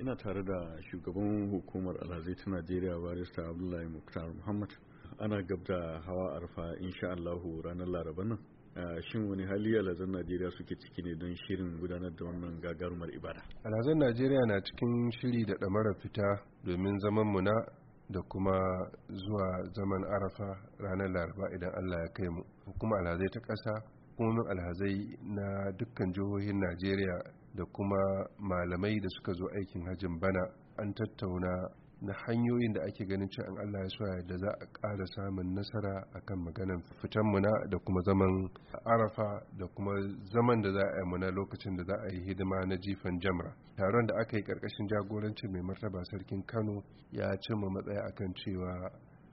ina tare da shugaban hukumar alhazai ta najeriya barista abdullahi muktar muhammad ana gab da hawa arfa insha allahu ranar laraba nan shin wani hali alhazan najeriya suke ciki ne don shirin gudanar da wannan gagarumar ibada alhazan najeriya na cikin shiri da ɗamarar fita domin zaman muna da kuma zuwa zaman arafa ranar laraba idan allah ya kai mu hukumar alhazai ta ƙasa hukumomin alhazai na dukkan jihohin najeriya da kuma malamai da suka zo aikin hajjin bana an tattauna na hanyoyin da ake ganin cewa Allah ya soya da za a ƙara samun nasara akan maganan fitan muna da kuma zaman arafa da kuma zaman da za a yi muna lokacin da za a yi hidima na jifan jamra taron da aka yi ƙarƙashin jagoranci mai martaba sarkin kano ya cimma matsaya akan cewa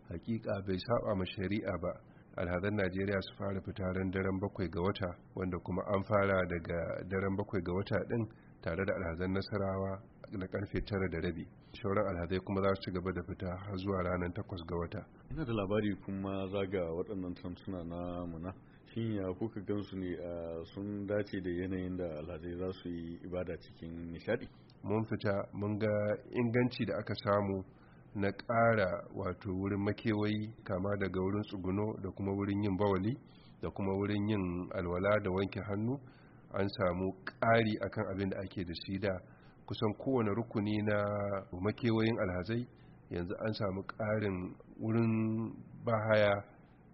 hakika bai saba ma shari'a ba alhazan najeriya su fara fitaren daren bakwai ga wata wanda kuma an fara daga daren bakwai ga wata din tare da alhazan nasarawa na karfe tara da rabi shauran alhazai kuma za su ci gaba da fita har zuwa ranar takwas ga wata ina da labari kuma zaga waɗannan tantuna na muna shin ya kuka gansu ne sun dace da yanayin da alhazai za su yi ibada cikin nishadi mun fita mun ga inganci da aka samu na ƙara wato wurin makewayi kama daga wurin tsuguno da kuma wurin yin bawali da kuma wurin yin alwala da wanke hannu an samu ƙari akan abin da ake da shi da kusan kowane rukuni na makewayin alhazai yanzu an samu ƙarin wurin bahaya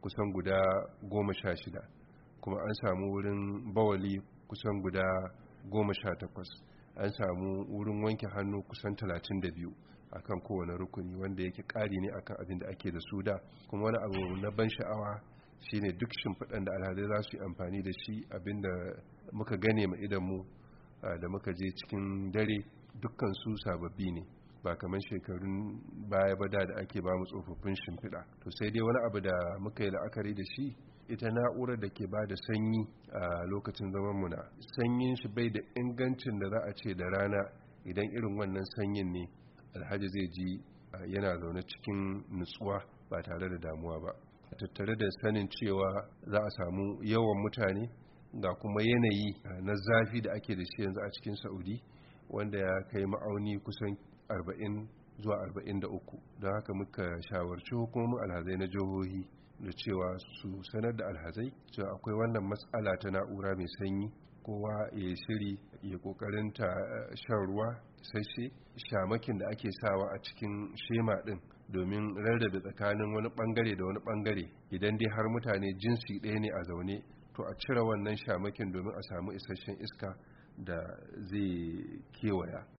kusan guda goma sha shida kuma an samu wurin bawali kusan guda goma sha takwas an samu wurin wanke hannu kusan talatin da biyu akan kowane rukuni wanda yake ƙari ne akan abin da ake da su da kuma wani abu na ban sha'awa shine duk shimfiɗan da alhazai za su yi amfani da shi abin da muka gane ma idanmu da muka je cikin dare dukkan su sababbi ne ba kamar shekarun baya ba da da ake ba mu tsofaffin shimfiɗa to sai dai wani abu da muka yi la'akari da shi ita na'urar da ke ba da sanyi a lokacin zaman muna sanyin shi bai da ingancin da za a ce da rana idan irin wannan sanyin ne alhaji zai ji yana zaune cikin nutsuwa ba tare da damuwa ba a tattare da sanin cewa za a samu yawan mutane ga kuma yanayi na zafi da ake da shi yanzu a cikin saudi wanda ya kai ma'auni kusan arba'in. zuwa 43 don haka muka shawarci hukumomin alhazai na jihohi da cewa su sanar da alhazai cewa akwai wannan matsala ta na'ura mai sanyi kowa ya shiri ya kokarin ta eh, shan ruwa sashe shamakin da ake sawa a cikin shema din domin rarrabe tsakanin wani bangare da wani bangare idan dai har mutane jinsi ɗaya ne a zaune to a cire wannan shamakin domin a samu isasshen iska da zai kewaya